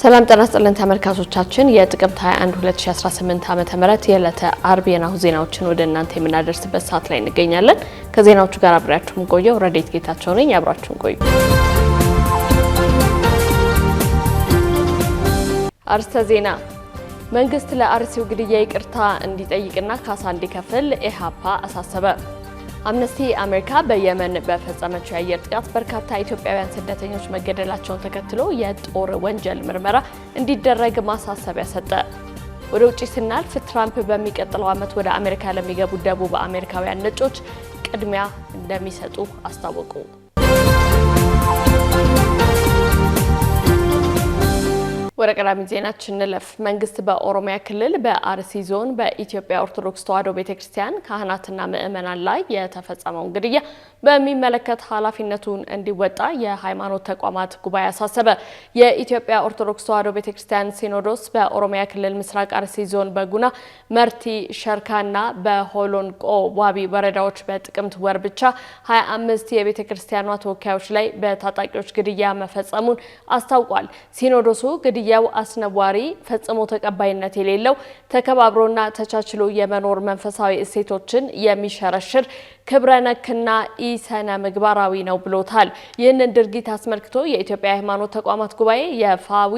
ሰላም ጤና ይስጥልን ተመልካቾቻችን፣ የጥቅምት 21 2018 ም የዕለተ አርብ የናሁ ዜናዎችን ወደ እናንተ የምናደርስበት ሰዓት ላይ እንገኛለን። ከዜናዎቹ ጋር አብሬያችሁን ቆየው ረዴት ጌታቸው ነኝ። አብራችሁን ቆዩ። አርስተ ዜና መንግስት ለአርሲው ግድያ ይቅርታ እንዲጠይቅና ካሳ እንዲከፍል ኢህአፓ አሳሰበ። አምነስቲ አሜሪካ በየመን በፈጸመችው የአየር ጥቃት በርካታ ኢትዮጵያውያን ስደተኞች መገደላቸውን ተከትሎ የጦር ወንጀል ምርመራ እንዲደረግ ማሳሰቢያ ሰጠ። ወደ ውጭ ስናልፍ ትራምፕ በሚቀጥለው ዓመት ወደ አሜሪካ ለሚገቡ ደቡብ አሜሪካውያን ነጮች ቅድሚያ እንደሚሰጡ አስታወቁ። ወደ ቀዳሚ ዜናችን እንለፍ። መንግስት በኦሮሚያ ክልል በአርሲ ዞን በኢትዮጵያ ኦርቶዶክስ ተዋሕዶ ቤተ ክርስቲያን ካህናትና ምዕመናን ላይ የተፈጸመውን ግድያ በሚመለከት ኃላፊነቱን እንዲወጣ የሃይማኖት ተቋማት ጉባኤ አሳሰበ። የኢትዮጵያ ኦርቶዶክስ ተዋሕዶ ቤተ ክርስቲያን ሲኖዶስ በኦሮሚያ ክልል ምስራቅ አርሲ ዞን በጉና መርቲ፣ ሸርካና በሆሎንቆ ዋቢ ወረዳዎች በጥቅምት ወር ብቻ 25 የቤተ ክርስቲያኗ ተወካዮች ላይ በታጣቂዎች ግድያ መፈጸሙን አስታውቋል። ሲኖዶሱ ግድያ የዘገየው አስነዋሪ ፈጽሞ ተቀባይነት የሌለው ተከባብሮና ተቻችሎ የመኖር መንፈሳዊ እሴቶችን የሚሸረሽር ክብረ ነክና ኢሰነ ምግባራዊ ነው ብሎታል። ይህንን ድርጊት አስመልክቶ የኢትዮጵያ ሃይማኖት ተቋማት ጉባኤ የፋዊ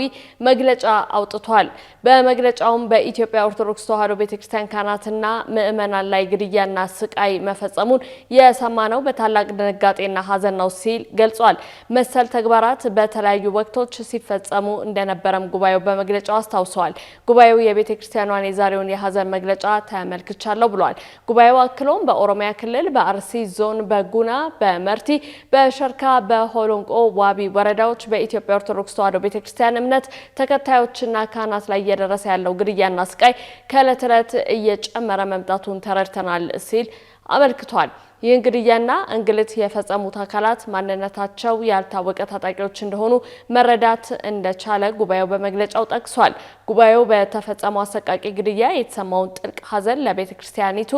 መግለጫ አውጥቷል። በመግለጫውም በኢትዮጵያ ኦርቶዶክስ ተዋሕዶ ቤተክርስቲያን ካህናትና ምእመናን ላይ ግድያና ስቃይ መፈጸሙን የሰማነው በታላቅ ድንጋጤና ሀዘን ነው ሲል ገልጿል። መሰል ተግባራት በተለያዩ ወቅቶች ሲፈጸሙ እንደነበረ እንደነበረም ጉባኤው በመግለጫው አስታውሰዋል። ጉባኤው የቤተ ክርስቲያኗን የዛሬውን የሀዘን መግለጫ ተመልክቻለሁ ብሏል። ጉባኤው አክሎም በኦሮሚያ ክልል በአርሲ ዞን በጉና በመርቲ በሸርካ በሆሎንቆ ዋቢ ወረዳዎች በኢትዮጵያ ኦርቶዶክስ ተዋሕዶ ቤተ ክርስቲያን እምነት ተከታዮችና ካህናት ላይ እየደረሰ ያለው ግድያና ስቃይ ከዕለት ዕለት እየጨመረ መምጣቱን ተረድተናል ሲል አመልክቷል። ይህን ግድያና እንግልት የፈጸሙት አካላት ማንነታቸው ያልታወቀ ታጣቂዎች እንደሆኑ መረዳት እንደቻለ ጉባኤው በመግለጫው ጠቅሷል። ጉባኤው በተፈጸመው አሰቃቂ ግድያ የተሰማውን ጥልቅ ሐዘን ለቤተ ክርስቲያኒቱ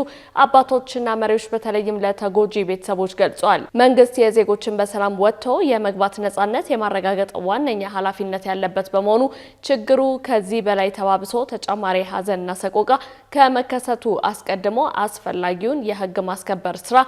አባቶችና መሪዎች በተለይም ለተጎጂ ቤተሰቦች ገልጿል። መንግስት የዜጎችን በሰላም ወጥቶ የመግባት ነጻነት የማረጋገጥ ዋነኛ ኃላፊነት ያለበት በመሆኑ ችግሩ ከዚህ በላይ ተባብሶ ተጨማሪ ሐዘንና ሰቆቃ ከመከሰቱ አስቀድሞ አስፈላጊውን የህግ ህግ ማስከበር ስራ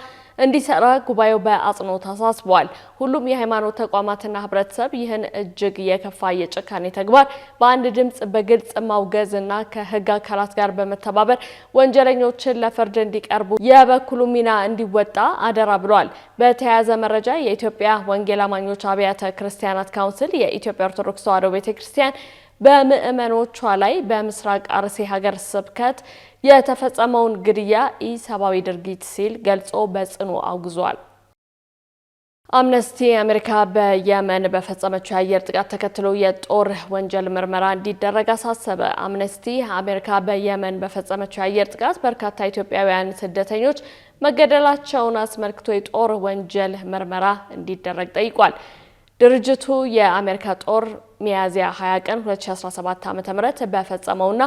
እንዲሰራ ጉባኤው በአጽንኦት አሳስቧል። ሁሉም የሃይማኖት ተቋማትና ህብረተሰብ ይህን እጅግ የከፋ የጭካኔ ተግባር በአንድ ድምፅ በግልጽ ማውገዝና ከህግ አካላት ጋር በመተባበር ወንጀለኞችን ለፍርድ እንዲቀርቡ የበኩሉ ሚና እንዲወጣ አደራ ብሏል። በተያያዘ መረጃ የኢትዮጵያ ወንጌል አማኞች አብያተ ክርስቲያናት ካውንስል የኢትዮጵያ ኦርቶዶክስ ተዋሕዶ ቤተክርስቲያን በምዕመኖቿ ላይ በምስራቅ አርሲ ሀገር ስብከት የተፈጸመውን ግድያ ኢሰብአዊ ድርጊት ሲል ገልጾ በጽኑ አውግዟል። አምነስቲ አሜሪካ በየመን በፈጸመችው የአየር ጥቃት ተከትሎ የጦር ወንጀል ምርመራ እንዲደረግ አሳሰበ። አምነስቲ አሜሪካ በየመን በፈጸመችው የአየር ጥቃት በርካታ ኢትዮጵያውያን ስደተኞች መገደላቸውን አስመልክቶ የጦር ወንጀል ምርመራ እንዲደረግ ጠይቋል። ድርጅቱ የአሜሪካ ጦር ሚያዝያ 20 ቀን 2017 ዓ.ም በፈጸመውና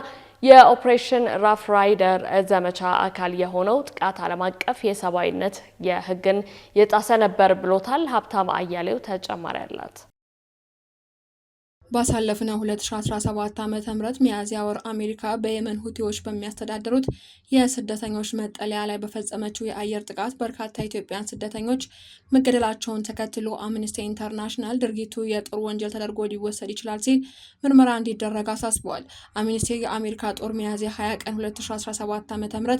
የኦፕሬሽን ራፍ ራይደር ዘመቻ አካል የሆነው ጥቃት ዓለም አቀፍ የሰብአዊነት የህግን የጣሰ ነበር ብሎታል። ሀብታም አያሌው ተጨማሪ አላት። ባሳለፍነው 2017 ዓ ም ሚያዝያ ወር አሜሪካ በየመን ሁቲዎች በሚያስተዳድሩት የስደተኞች መጠለያ ላይ በፈጸመችው የአየር ጥቃት በርካታ ኢትዮጵያን ስደተኞች መገደላቸውን ተከትሎ አምኒስቲ ኢንተርናሽናል ድርጊቱ የጦር ወንጀል ተደርጎ ሊወሰድ ይችላል ሲል ምርመራ እንዲደረግ አሳስበዋል። አምነስቲ የአሜሪካ ጦር ሚያዝያ 20 ቀን 2017 ዓ ም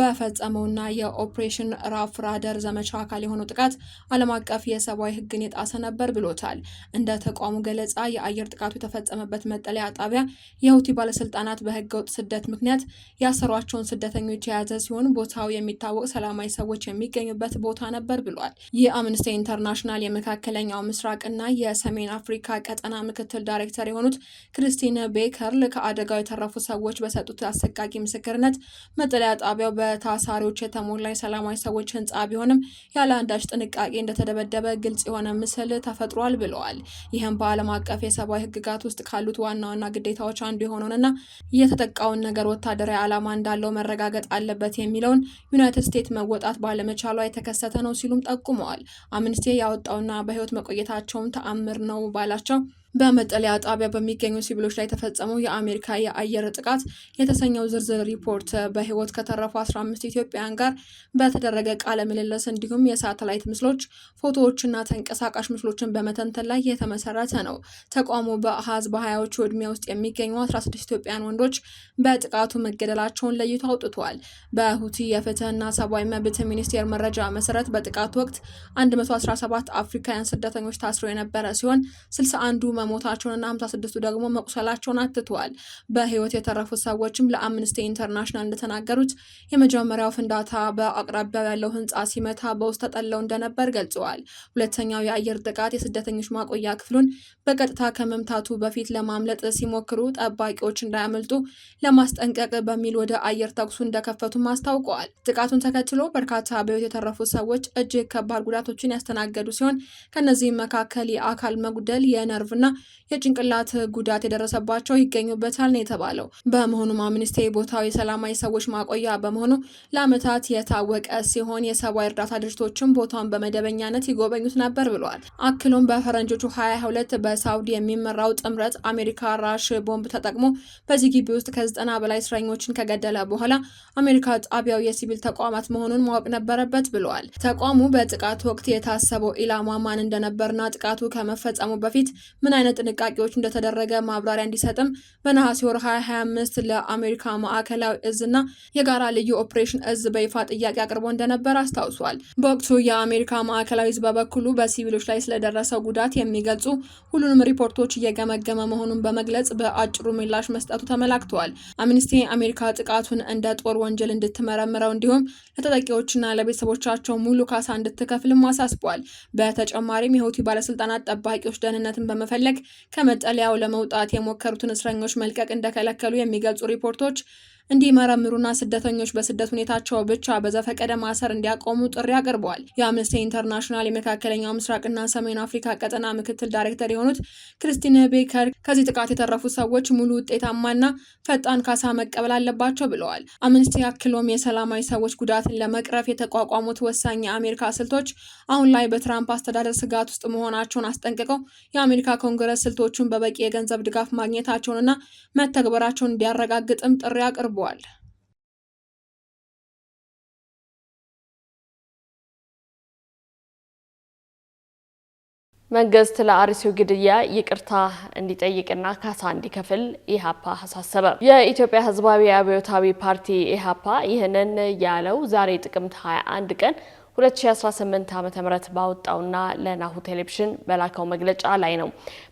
በፈጸመውና የኦፕሬሽን ራፍ ራደር ዘመቻ አካል የሆነው ጥቃት ዓለም አቀፍ የሰብአዊ ሕግን የጣሰ ነበር ብሎታል። እንደ ተቋሙ ገለጻ የአየር ጥቃቱ የተፈጸመበት መጠለያ ጣቢያ የሁቲ ባለስልጣናት በህገወጥ ስደት ምክንያት ያሰሯቸውን ስደተኞች የያዘ ሲሆን ቦታው የሚታወቅ ሰላማዊ ሰዎች የሚገኙበት ቦታ ነበር ብሏል። ይህ አምነስቲ ኢንተርናሽናል የመካከለኛው ምስራቅና የሰሜን አፍሪካ ቀጠና ምክትል ዳይሬክተር የሆኑት ክርስቲን ቤከርል ከአደጋው የተረፉ ሰዎች በሰጡት አሰቃቂ ምስክርነት መጠለያ ጣቢያው በታሳሪዎች የተሞላ የሰላማዊ ሰዎች ህንፃ ቢሆንም ያለ አንዳች ጥንቃቄ እንደተደበደበ ግልጽ የሆነ ምስል ተፈጥሯል ብለዋል። ይህም በዓለም አቀፍ የሰብአዊ በወታደራዊ ህግጋት ውስጥ ካሉት ዋና ዋና ግዴታዎች አንዱ የሆነውንና የተጠቃውን ነገር ወታደራዊ ዓላማ እንዳለው መረጋገጥ አለበት የሚለውን ዩናይትድ ስቴትስ መወጣት ባለመቻሏ የተከሰተ ነው ሲሉም ጠቁመዋል። አምንስቴ ያወጣውና በህይወት መቆየታቸውም ተአምር ነው ባላቸው በመጠለያ ጣቢያ በሚገኙ ሲቪሎች ላይ የተፈጸመው የአሜሪካ የአየር ጥቃት የተሰኘው ዝርዝር ሪፖርት በህይወት ከተረፉ 15 ኢትዮጵያውያን ጋር በተደረገ ቃለ ምልልስ እንዲሁም የሳተላይት ምስሎች፣ ፎቶዎችና ተንቀሳቃሽ ምስሎችን በመተንተን ላይ የተመሰረተ ነው። ተቋሙ በአሃዝ በሀያዎቹ ዕድሜ ውስጥ የሚገኙ 16 ኢትዮጵያውያን ወንዶች በጥቃቱ መገደላቸውን ለይቶ አውጥቷል። በሁቲ የፍትህና ሰብአዊ መብት ሚኒስቴር መረጃ መሰረት በጥቃቱ ወቅት 117 አፍሪካውያን ስደተኞች ታስረው የነበረ ሲሆን 61ዱ መሞታቸውንና 56ቱ ደግሞ መቁሰላቸውን አትተዋል። በህይወት የተረፉት ሰዎችም ለአምነስቲ ኢንተርናሽናል እንደተናገሩት የመጀመሪያው ፍንዳታ በአቅራቢያው ያለው ህንፃ ሲመታ በውስጥ ተጠለው እንደነበር ገልጸዋል። ሁለተኛው የአየር ጥቃት የስደተኞች ማቆያ ክፍሉን በቀጥታ ከመምታቱ በፊት ለማምለጥ ሲሞክሩ ጠባቂዎች እንዳያመልጡ ለማስጠንቀቅ በሚል ወደ አየር ተኩሱ እንደከፈቱም አስታውቀዋል። ጥቃቱን ተከትሎ በርካታ በህይወት የተረፉ ሰዎች እጅግ ከባድ ጉዳቶችን ያስተናገዱ ሲሆን ከእነዚህም መካከል የአካል መጉደል፣ የነርቭና የጭንቅላት ጉዳት የደረሰባቸው ይገኙበታል ነው የተባለው። በመሆኑም አምኒስቲ ቦታው የሰላማዊ ሰዎች ማቆያ በመሆኑ ለዓመታት የታወቀ ሲሆን የሰብአዊ እርዳታ ድርጅቶችም ቦታውን በመደበኛነት ይጎበኙት ነበር ብለዋል። አክሎም በፈረንጆቹ 22 በ በሳውዲ የሚመራው ጥምረት አሜሪካ ራሽ ቦምብ ተጠቅሞ በዚህ ግቢ ውስጥ ከዘጠና በላይ እስረኞችን ከገደለ በኋላ አሜሪካ ጣቢያው የሲቪል ተቋማት መሆኑን ማወቅ ነበረበት ብለዋል። ተቋሙ በጥቃት ወቅት የታሰበው ኢላማ ማን እንደነበርና ጥቃቱ ከመፈጸሙ በፊት ምን አይነት ጥንቃቄዎች እንደተደረገ ማብራሪያ እንዲሰጥም በነሐሴ ወር 2025 ለአሜሪካ ማዕከላዊ እዝና የጋራ ልዩ ኦፕሬሽን እዝ በይፋ ጥያቄ አቅርቦ እንደነበር አስታውሷል። በወቅቱ የአሜሪካ ማዕከላዊ እዝ በበኩሉ በሲቪሎች ላይ ስለደረሰው ጉዳት የሚገልጹ ሁሉንም ሪፖርቶች እየገመገመ መሆኑን በመግለጽ በአጭሩ ምላሽ መስጠቱ ተመላክተዋል። አምኒስቲ አሜሪካ ጥቃቱን እንደ ጦር ወንጀል እንድትመረምረው እንዲሁም ለተጠቂዎችና ለቤተሰቦቻቸው ሙሉ ካሳ እንድትከፍልም አሳስቧል። በተጨማሪም የሁቲ ባለስልጣናት ጠባቂዎች ደህንነትን በመፈለግ ከመጠለያው ለመውጣት የሞከሩትን እስረኞች መልቀቅ እንደከለከሉ የሚገልጹ ሪፖርቶች እንዲመረምሩና ስደተኞች በስደት ሁኔታቸው ብቻ በዘፈቀደ ማሰር እንዲያቆሙ ጥሪ አቅርበዋል። የአምነስቲ ኢንተርናሽናል የመካከለኛው ምስራቅና ሰሜን አፍሪካ ቀጠና ምክትል ዳይሬክተር የሆኑት ክርስቲነ ቤከር ከዚህ ጥቃት የተረፉ ሰዎች ሙሉ ውጤታማና ፈጣን ካሳ መቀበል አለባቸው ብለዋል። አምነስቲ አክሎም የሰላማዊ ሰዎች ጉዳትን ለመቅረፍ የተቋቋሙት ወሳኝ የአሜሪካ ስልቶች አሁን ላይ በትራምፕ አስተዳደር ስጋት ውስጥ መሆናቸውን አስጠንቅቀው የአሜሪካ ኮንግረስ ስልቶቹን በበቂ የገንዘብ ድጋፍ ማግኘታቸውንና መተግበራቸውን እንዲያረጋግጥም ጥሪ አቅርቧል። አቅርቧል። መንግስት ለአርሲው ግድያ ይቅርታ እንዲጠይቅና ካሳ እንዲከፍል ኢህአፓ አሳሰበ። የኢትዮጵያ ህዝባዊ አብዮታዊ ፓርቲ ኢህአፓ ይህንን ያለው ዛሬ ጥቅምት 21 ቀን 2018 ዓ ም ባወጣውና ለናሁ ቴሌቪዥን በላከው መግለጫ ላይ ነው።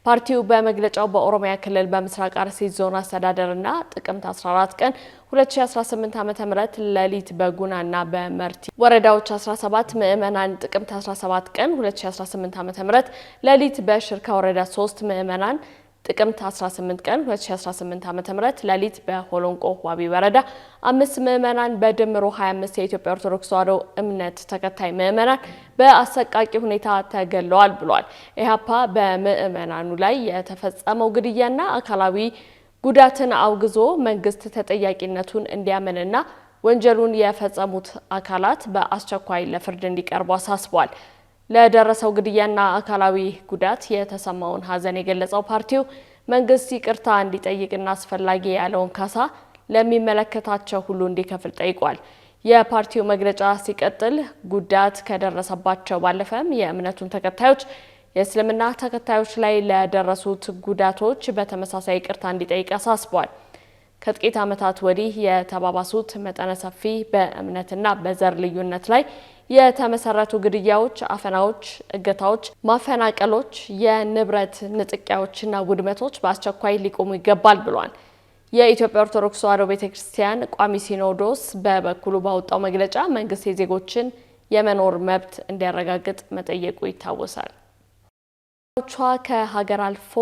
ፓርቲው በመግለጫው በኦሮሚያ ክልል በምስራቅ አርሲ ዞን አስተዳደርና ጥቅምት 14 ቀን 2018 ዓ.ም ሌሊት በጉናና በመርቲ ወረዳዎች 17 ምዕመናን ጥቅምት 17 ቀን 2018 ም ሌሊት በሽርካ ወረዳ 3 ምዕመናን ጥቅምት 18 ቀን 2018 ዓ.ም ሌሊት በሆሎንቆ ዋቢ ወረዳ አምስት ምዕመናን በድምሩ 25 የኢትዮጵያ ኦርቶዶክስ ተዋሕዶ እምነት ተከታይ ምዕመናን በአሰቃቂ ሁኔታ ተገለዋል ብሏል። ኢህአፓ በምዕመናኑ ላይ የተፈጸመው ግድያና አካላዊ ጉዳትን አውግዞ መንግስት ተጠያቂነቱን እንዲያምንና ወንጀሉን የፈጸሙት አካላት በአስቸኳይ ለፍርድ እንዲቀርቡ አሳስቧል። ለደረሰው ግድያና አካላዊ ጉዳት የተሰማውን ሐዘን የገለጸው ፓርቲው መንግስት ይቅርታ እንዲጠይቅና አስፈላጊ ያለውን ካሳ ለሚመለከታቸው ሁሉ እንዲከፍል ጠይቋል። የፓርቲው መግለጫ ሲቀጥል ጉዳት ከደረሰባቸው ባለፈም የእምነቱን ተከታዮች የእስልምና ተከታዮች ላይ ለደረሱት ጉዳቶች በተመሳሳይ ይቅርታ እንዲጠይቅ አሳስቧል። ከጥቂት ዓመታት ወዲህ የተባባሱት መጠነ ሰፊ በእምነትና በዘር ልዩነት ላይ የተመሰረቱ ግድያዎች፣ አፈናዎች፣ እገታዎች፣ ማፈናቀሎች፣ የንብረት ንጥቂያዎችና ውድመቶች በአስቸኳይ ሊቆሙ ይገባል ብሏል። የኢትዮጵያ ኦርቶዶክስ ተዋሕዶ ቤተ ክርስቲያን ቋሚ ሲኖዶስ በበኩሉ ባወጣው መግለጫ መንግስት የዜጎችን የመኖር መብት እንዲያረጋግጥ መጠየቁ ይታወሳል። ቿ ከሀገር አልፎ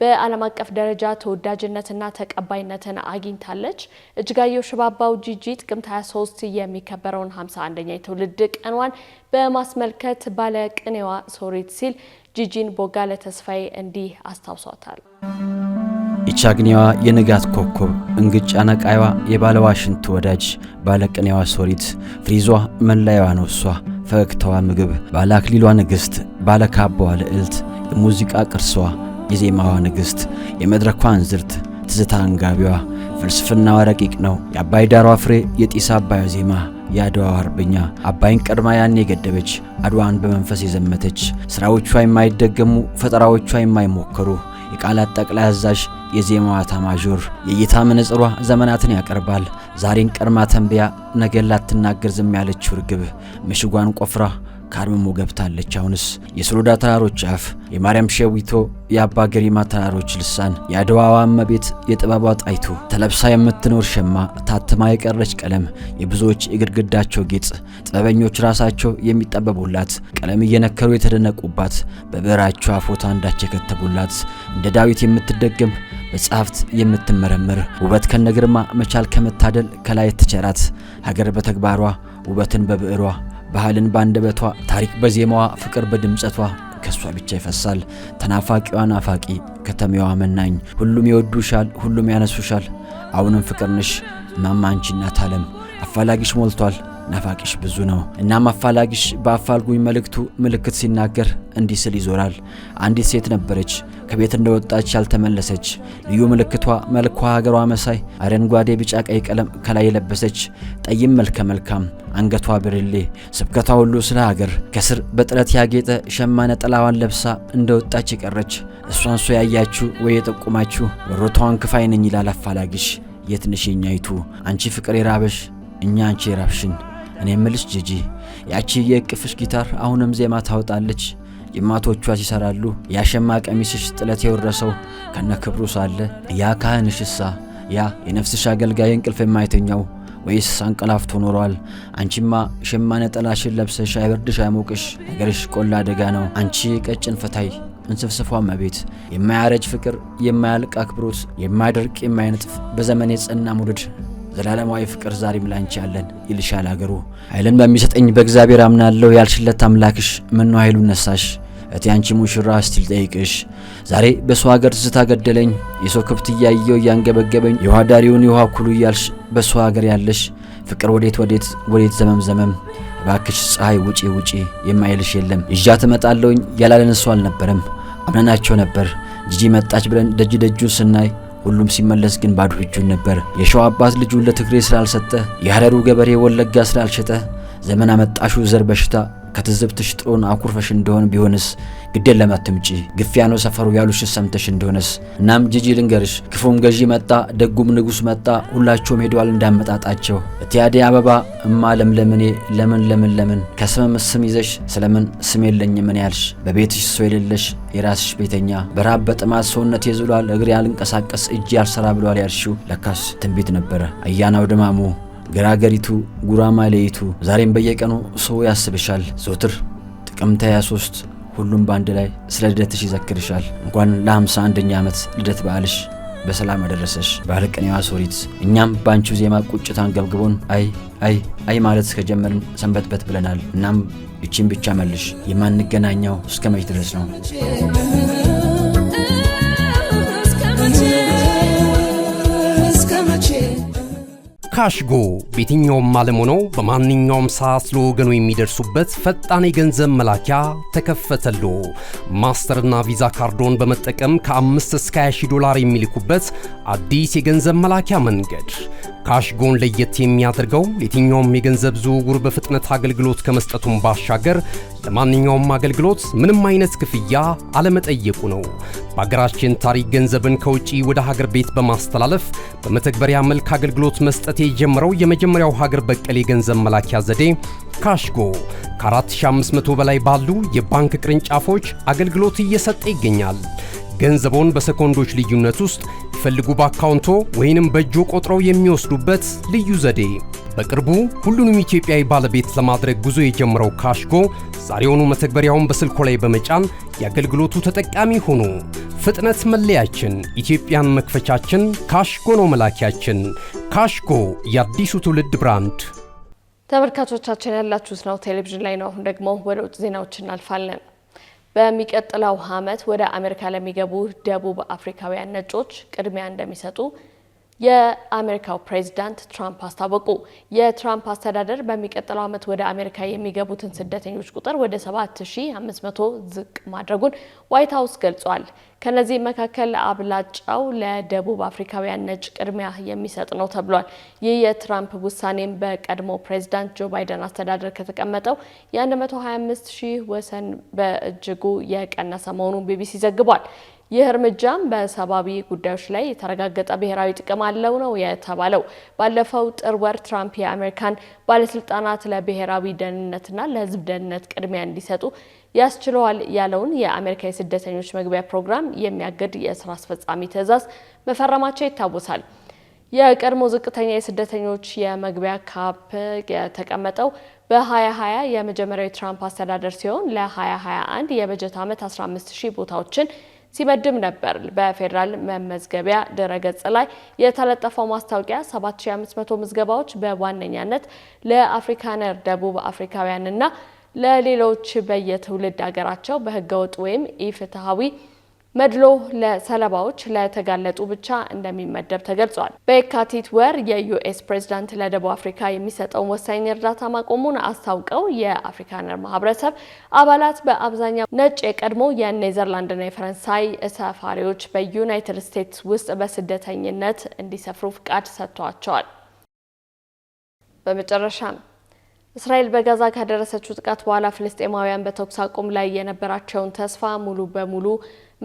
በዓለም አቀፍ ደረጃ ተወዳጅነትና ተቀባይነትን አግኝታለች። እጅጋየሁ ሽባባው ጂጂ ጥቅምት 23 የሚከበረውን 51ኛ የትውልድ ቀኗን በማስመልከት ባለ ቅኔዋ ሶሪት ሲል ጂጂን ቦጋለ ተስፋዬ እንዲህ አስታውሷታል። ኢቻግኔዋ የንጋት ኮከብ እንግጫ ነቃይዋ የባለ ዋሽንት ወዳጅ ባለቅኔዋ ሶሪት ፍሪዟ መላያዋ ነው እሷ ፈገግታዋ ምግብ ባለ አክሊሏ ንግሥት ባለ ካባዋ ልዕልት የሙዚቃ ቅርሷ፣ የዜማዋ ንግሥት፣ የመድረኳ እንዝርት፣ ትዝታ አንጋቢዋ፣ ፍልስፍናዋ ረቂቅ ነው። የአባይ ዳሯ ፍሬ፣ የጢስ አባዩ ዜማ፣ የአድዋዋ አርበኛ፣ አባይን ቀድማ ያኔ የገደበች፣ አድዋን በመንፈስ የዘመተች፣ ስራዎቿ የማይደገሙ፣ ፈጠራዎቿ የማይሞከሩ የቃላት ጠቅላይ አዛዥ፣ የዜማዋ ታማዦር፣ የእይታ መነጽሯ ዘመናትን ያቀርባል። ዛሬን ቀድማ ተንብያ ነገን ላትናገር ዝም ያለችው ርግብ ምሽጓን ቆፍራ ካርምሞ ገብታለች። አሁንስ የሶሎዳ ተራሮች አፍ፣ የማርያም ሸዊቶ፣ የአባ ገሪማ ተራሮች ልሳን፣ የአድዋዋ እመቤት፣ የጥበቧ ጣይቱ ተለብሳ የምትኖር ሸማ፣ ታትማ የቀረች ቀለም፣ የብዙዎች የግድግዳቸው ጌጥ፣ ጥበበኞች ራሳቸው የሚጠበቡላት፣ ቀለም እየነከሩ የተደነቁባት፣ በብዕራቸው አፎታ አንዳች የከተቡላት፣ እንደ ዳዊት የምትደገም መጽሐፍት የምትመረምር ውበት ከነግርማ መቻል ከመታደል ከላይ ትቸራት ሀገር በተግባሯ ውበትን በብዕሯ ባህልን ባንደበቷ፣ ታሪክ በዜማዋ፣ ፍቅር በድምጸቷ ከእሷ ብቻ ይፈሳል። ተናፋቂዋ ናፋቂ፣ ከተሜዋ መናኝ፣ ሁሉም ይወዱሻል፣ ሁሉም ያነሱሻል። አሁንም ፍቅርንሽ እማማ አንቺ እናት ዓለም አፋላጊሽ ሞልቷል፣ ናፋቂሽ ብዙ ነው። እናም አፋላጊሽ በአፋልጉኝ መልእክቱ ምልክት ሲናገር እንዲህ ስል ይዞራል። አንዲት ሴት ነበረች ከቤት እንደወጣች ያልተመለሰች ልዩ ምልክቷ መልኳ ሀገሯ መሳይ አረንጓዴ፣ ቢጫ፣ ቀይ ቀለም ከላይ የለበሰች ጠይም መልከ መልካም አንገቷ ብርሌ ስብከቷ ሁሉ ስለ ሀገር ከስር በጥለት ያጌጠ ሸማ ነጠላዋን ለብሳ እንደወጣች የቀረች እሷን ሱ ያያችሁ ወይ የጠቁማችሁ ወሮታዋን ክፋይ ነኝ ይላል አፋላጊሽ የትንሽኛይቱ አንቺ ፍቅር የራበሽ እኛ አንቺ የራብሽን እኔ ምልሽ ጂጂ ያቺ የእቅፍሽ ጊታር አሁንም ዜማ ታወጣለች። የማቶቿ ሲሰራሉ ያሸማ ቀሚስሽ ጥለት የወረሰው ከነ ክብሩ ሳለ ያ ካህንሽሳ ያ የነፍስሽ አገልጋይ እንቅልፍ የማይተኛው ወይስ አንቀላፍቶ ኖሯል? አንቺማ ሸማ ነጠላሽን ለብሰሽ አይበርድሽ አይሞቅሽ፣ ነገርሽ ቆላ አደጋ ነው። አንቺ ቀጭን ፈታይ እንስፍስፏ መቤት የማያረጅ ፍቅር፣ የማያልቅ አክብሮት፣ የማያደርቅ የማይነጥፍ በዘመን የጸና ሙድድ ዘላለማዊ ፍቅር ዛሬም ላንቺ ያለን ይልሻል አገሩ። ኃይልን በሚሰጠኝ በእግዚአብሔር አምናለሁ ያልሽለት አምላክሽ ምነው ኃይሉን ነሳሽ እቴ አንቺ ሙሽራ ስቲል ጠይቅሽ ዛሬ በሰው ሀገር ትዝታ ገደለኝ የሰው ከብት እያየው እያንገበገበኝ የውሃ ዳሪውን የውሃ ኩሉ እያልሽ በሰው ሀገር ያለሽ ፍቅር ወዴት ወዴት ወዴት ዘመም ዘመም እባክሽ ፀሐይ ውጪ ውጪ የማይልሽ የለም ይዣ ትመጣለውኝ ያላለን እሱ አልነበረም አምነናቸው ነበር ጂጂ መጣች ብለን ደጅ ደጁን ስናይ ሁሉም ሲመለስ ግን ባዶ እጁን ነበር። የሸዋ አባት ልጁን ለትግሬ ስላልሰጠ፣ የሀረሩ ገበሬ ወለጋ ስላልሸጠ ዘመን አመጣሹ ዘር በሽታ ከትዝብትሽ ጥሩን አኩርፈሽ እንደሆን ቢሆንስ ግዴን አትምጪ ግፊያ ነው ሰፈሩ ያሉሽ ሰምተሽ እንደሆነስ። እናም ጂጂ ልንገርሽ፣ ክፉም ገዢ መጣ፣ ደጉም ንጉሥ መጣ፣ ሁላቸውም ሄደዋል እንዳመጣጣቸው። እትያዴ አበባ እማ ለምለምኔ ለምን ለምን ለምን ከስምም ስም ይዘሽ ስለምን ስም የለኝ ምን ያልሽ በቤትሽ ሰው የሌለሽ የራስሽ ቤተኛ በራብ በጥማት ሰውነት የዝሏል እግር ያልንቀሳቀስ እጅ ያልሰራ ብሏል ያልሽው ለካስ ትንቢት ነበረ። አያናው ድማሙ ገራገሪቱ ጉራማይሌይቱ ዛሬም በየቀኑ ሰው ያስብሻል። ዘወትር ጥቅምት 23 ሁሉም በአንድ ላይ ስለ ልደትሽ ይዘክርሻል። እንኳን ለ51ኛ ዓመት ልደት በዓልሽ በሰላም አደረሰሽ። ባለቅኔዋ ሶሪት እኛም በአንቺው ዜማ ቁጭታን ገብግቦን አይ አይ አይ ማለት እስከጀመርን ሰንበትበት ብለናል። እናም ይቺን ብቻ መልሽ። የማንገናኘው እስከ መች ድረስ ነው? ካሽጎ በየትኛውም ዓለም ሆነው በማንኛውም ሰዓት ለወገኑ የሚደርሱበት ፈጣን የገንዘብ መላኪያ ተከፈተሉ። ማስተርና ቪዛ ካርዶን በመጠቀም ከ5 እስከ 20 ዶላር የሚልኩበት አዲስ የገንዘብ መላኪያ መንገድ። ካሽጎን ለየት የሚያደርገው የትኛውም የገንዘብ ዝውውር በፍጥነት አገልግሎት ከመስጠቱን ባሻገር ለማንኛውም አገልግሎት ምንም አይነት ክፍያ አለመጠየቁ ነው። በሀገራችን ታሪክ ገንዘብን ከውጪ ወደ ሀገር ቤት በማስተላለፍ በመተግበሪያ መልክ አገልግሎት መስጠት የጀመረው የመጀመሪያው ሀገር በቀል የገንዘብ መላኪያ ዘዴ ካሽጎ ከ4500 በላይ ባሉ የባንክ ቅርንጫፎች አገልግሎት እየሰጠ ይገኛል። ገንዘቦን በሰኮንዶች ልዩነት ውስጥ ይፈልጉ በአካውንቶ ወይንም በእጆ ቆጥረው የሚወስዱበት ልዩ ዘዴ በቅርቡ ሁሉንም ኢትዮጵያዊ ባለቤት ለማድረግ ጉዞ የጀመረው ካሽጎ ዛሬውኑ መተግበሪያውን በስልኮ ላይ በመጫን የአገልግሎቱ ተጠቃሚ ሆኑ። ፍጥነት መለያችን፣ ኢትዮጵያን መክፈቻችን፣ ካሽጎ ነው መላኪያችን። ካሽጎ የአዲሱ ትውልድ ብራንድ። ተመልካቾቻችን ያላችሁት ነው ቴሌቪዥን ላይ ነው። አሁን ደግሞ ወደ ውጭ ዜናዎች እናልፋለን። በሚቀጥለው ዓመት ወደ አሜሪካ ለሚገቡ ደቡብ አፍሪካውያን ነጮች ቅድሚያ እንደሚሰጡ የአሜሪካው ፕሬዚዳንት ትራምፕ አስታወቁ። የትራምፕ አስተዳደር በሚቀጥለው ዓመት ወደ አሜሪካ የሚገቡትን ስደተኞች ቁጥር ወደ 7500 ዝቅ ማድረጉን ዋይት ሀውስ ገልጿል። ከነዚህ መካከል አብላጫው ለደቡብ አፍሪካውያን ነጭ ቅድሚያ የሚሰጥ ነው ተብሏል። ይህ የትራምፕ ውሳኔም በቀድሞ ፕሬዚዳንት ጆ ባይደን አስተዳደር ከተቀመጠው የ125 ሺህ ወሰን በእጅጉ የቀነሰ መሆኑን ቢቢሲ ዘግቧል። ይህ እርምጃም በሰብአዊ ጉዳዮች ላይ የተረጋገጠ ብሔራዊ ጥቅም አለው ነው የተባለው። ባለፈው ጥር ወር ትራምፕ የአሜሪካን ባለስልጣናት ለብሔራዊ ደህንነትና ለሕዝብ ደህንነት ቅድሚያ እንዲሰጡ ያስችለዋል ያለውን የአሜሪካ የስደተኞች መግቢያ ፕሮግራም የሚያግድ የስራ አስፈጻሚ ትዕዛዝ መፈረማቸው ይታወሳል። የቀድሞ ዝቅተኛ የስደተኞች የመግቢያ ካፕ የተቀመጠው በ2020 የመጀመሪያው የትራምፕ አስተዳደር ሲሆን ለ2021 የበጀት ዓመት 15 ሺህ ቦታዎችን ሲመድብ ነበር። በፌዴራል መመዝገቢያ ድረገጽ ላይ የተለጠፈው ማስታወቂያ 7500 ምዝገባዎች በዋነኛነት ለአፍሪካነር ደቡብ አፍሪካውያንና ለሌሎች በየትውልድ ሀገራቸው በህገወጥ ወይም ኢፍትሐዊ መድሎ ለሰለባዎች ለተጋለጡ ብቻ እንደሚመደብ ተገልጿል። በየካቲት ወር የዩኤስ ፕሬዝዳንት ለደቡብ አፍሪካ የሚሰጠውን ወሳኝ እርዳታ ማቆሙን አስታውቀው የአፍሪካነር ማህበረሰብ አባላት በአብዛኛው ነጭ የቀድሞ የኔዘርላንድና የፈረንሳይ ሰፋሪዎች በዩናይትድ ስቴትስ ውስጥ በስደተኝነት እንዲሰፍሩ ፍቃድ ሰጥቷቸዋል። በመጨረሻም እስራኤል በጋዛ ካደረሰችው ጥቃት በኋላ ፍልስጤማውያን በተኩስ አቁም ላይ የነበራቸውን ተስፋ ሙሉ በሙሉ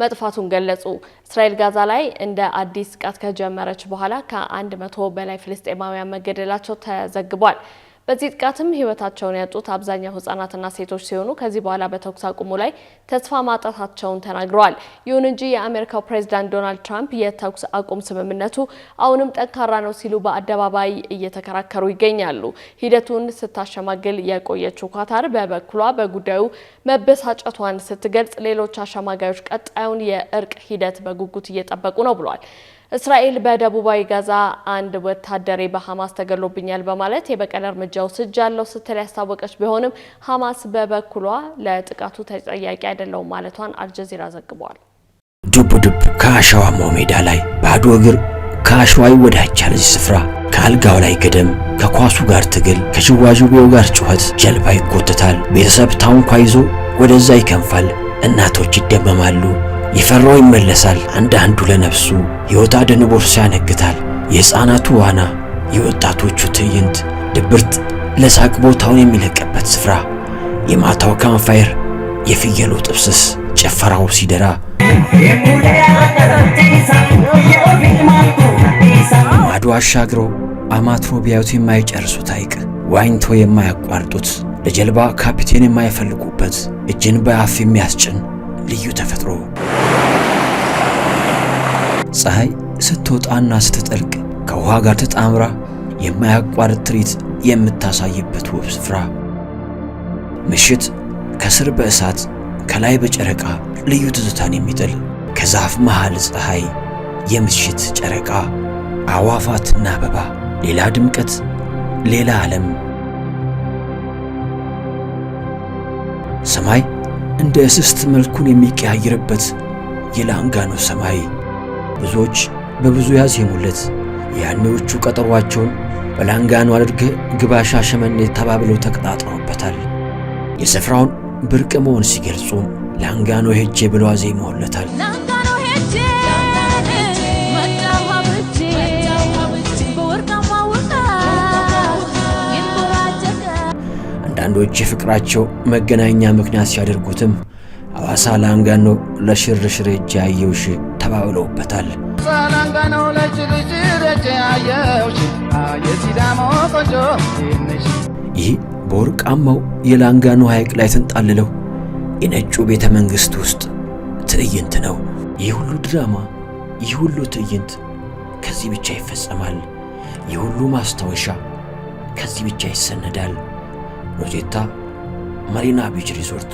መጥፋቱን ገለጹ። እስራኤል ጋዛ ላይ እንደ አዲስ ጥቃት ከጀመረች በኋላ ከአንድ መቶ በላይ ፍልስጤማውያን መገደላቸው ተዘግቧል። በዚህ ጥቃትም ህይወታቸውን ያጡት አብዛኛው ህጻናትና ሴቶች ሲሆኑ ከዚህ በኋላ በተኩስ አቁሙ ላይ ተስፋ ማጣታቸውን ተናግረዋል። ይሁን እንጂ የአሜሪካው ፕሬዚዳንት ዶናልድ ትራምፕ የተኩስ አቁም ስምምነቱ አሁንም ጠንካራ ነው ሲሉ በአደባባይ እየተከራከሩ ይገኛሉ። ሂደቱን ስታሸማግል የቆየችው ኳታር በበኩሏ በጉዳዩ መበሳጨቷን ስትገልጽ፣ ሌሎች አሸማጋዮች ቀጣዩን የእርቅ ሂደት በጉጉት እየጠበቁ ነው ብሏል። እስራኤል በደቡባዊ ጋዛ አንድ ወታደሬ በሐማስ ተገሎብኛል በማለት የበቀል እርምጃ ወስጃለሁ ስትል ያስታወቀች ቢሆንም ሐማስ በበኩሏ ለጥቃቱ ተጠያቂ አይደለውም ማለቷን አልጀዚራ ዘግቧል። ዱብ ዱብ ከአሸዋማው ሜዳ ላይ ባዶ እግር ከአሸዋ ይወዳጃል እዚህ ስፍራ ከአልጋው ላይ ግድም ከኳሱ ጋር ትግል ከሽዋዥቤው ጋር ጩኸት ጀልባ ይጎተታል። ቤተሰብ ታንኳ ይዞ ወደዛ ይከንፋል። እናቶች ይደመማሉ። የፈራው ይመለሳል። አንዳንዱ ለነፍሱ ሕይወት አድን ቦርሳ ያነግታል። የሕፃናቱ ዋና፣ የወጣቶቹ ትዕይንት፣ ድብርት ለሳቅ ቦታውን የሚለቀበት ስፍራ፣ የማታው ካምፋየር፣ የፍየሉ ጥብስስ፣ ጭፈራው ሲደራ ማዶ አሻግረው አማትሮ ቢያዩት የማይጨርሱት ሐይቅ፣ ዋኝቶ የማያቋርጡት፣ ለጀልባ ካፒቴን የማይፈልጉበት፣ እጅን በአፍ የሚያስጭን ልዩ ተፈጥሮ ፀሐይ ስትወጣና ስትጠልቅ ከውሃ ጋር ተጣምራ የማያቋርጥ ትርኢት የምታሳይበት ውብ ስፍራ። ምሽት ከስር በእሳት ከላይ በጨረቃ ልዩ ትዝታን የሚጥል ከዛፍ መሃል ፀሐይ፣ የምሽት ጨረቃ፣ አዋፋትና አበባ፣ ሌላ ድምቀት፣ ሌላ ዓለም። ሰማይ እንደ እስስት መልኩን የሚቀያየርበት የላንጋኖ ሰማይ ብዙዎች በብዙ ያዜሙለት። ያኔዎቹ ቀጠሯቸውን በላንጋኖ አድርግ ግባሻ ሸመኔ ተባብለው ተቀጣጥረውበታል። የስፍራውን ብርቅ መሆን ሲገልጹ ላንጋኖ ሄጄ ብለው አዜመውለታል። አንዳንዶች የፍቅራቸው መገናኛ ምክንያት ሲያደርጉትም አዋሳ ላንጋኖ ለሽርሽር ሄጄ አየውሽ ተባብለውበታል። ይህ በወርቃማው የላንጋኖ ሐይቅ ላይ ተንጣልለው የነጩ ቤተ መንግሥት ውስጥ ትዕይንት ነው። ይህ ሁሉ ድራማ፣ ይህ ሁሉ ትዕይንት ከዚህ ብቻ ይፈጸማል። ይህ ሁሉ ማስታወሻ ከዚህ ብቻ ይሰነዳል። ሮዜታ ማሪና ቢች ሪዞርት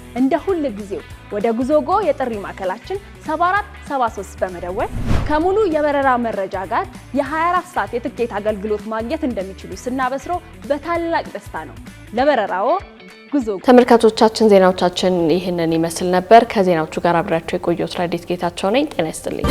እንደ ሁል ጊዜው ወደ ጉዞጎ የጥሪ ማዕከላችን 7473 በመደወል ከሙሉ የበረራ መረጃ ጋር የ24 ሰዓት የትኬት አገልግሎት ማግኘት እንደሚችሉ ስናበስሮ በታላቅ ደስታ ነው። ለበረራዎ ጉዞ። ተመልካቾቻችን ዜናዎቻችን ይህንን ይመስል ነበር። ከዜናዎቹ ጋር አብሬያቸው የቆየሁት ረዲት ጌታቸው ነኝ። ጤና ይስጥልኝ።